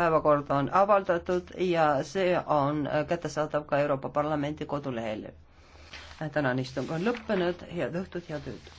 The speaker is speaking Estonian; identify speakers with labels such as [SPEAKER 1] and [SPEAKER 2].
[SPEAKER 1] päevakord on avaldatud ja see on kättesaadav ka Euroopa Parlamendi kodulehel. tänane istung on lõppenud, head õhtut, head ööd!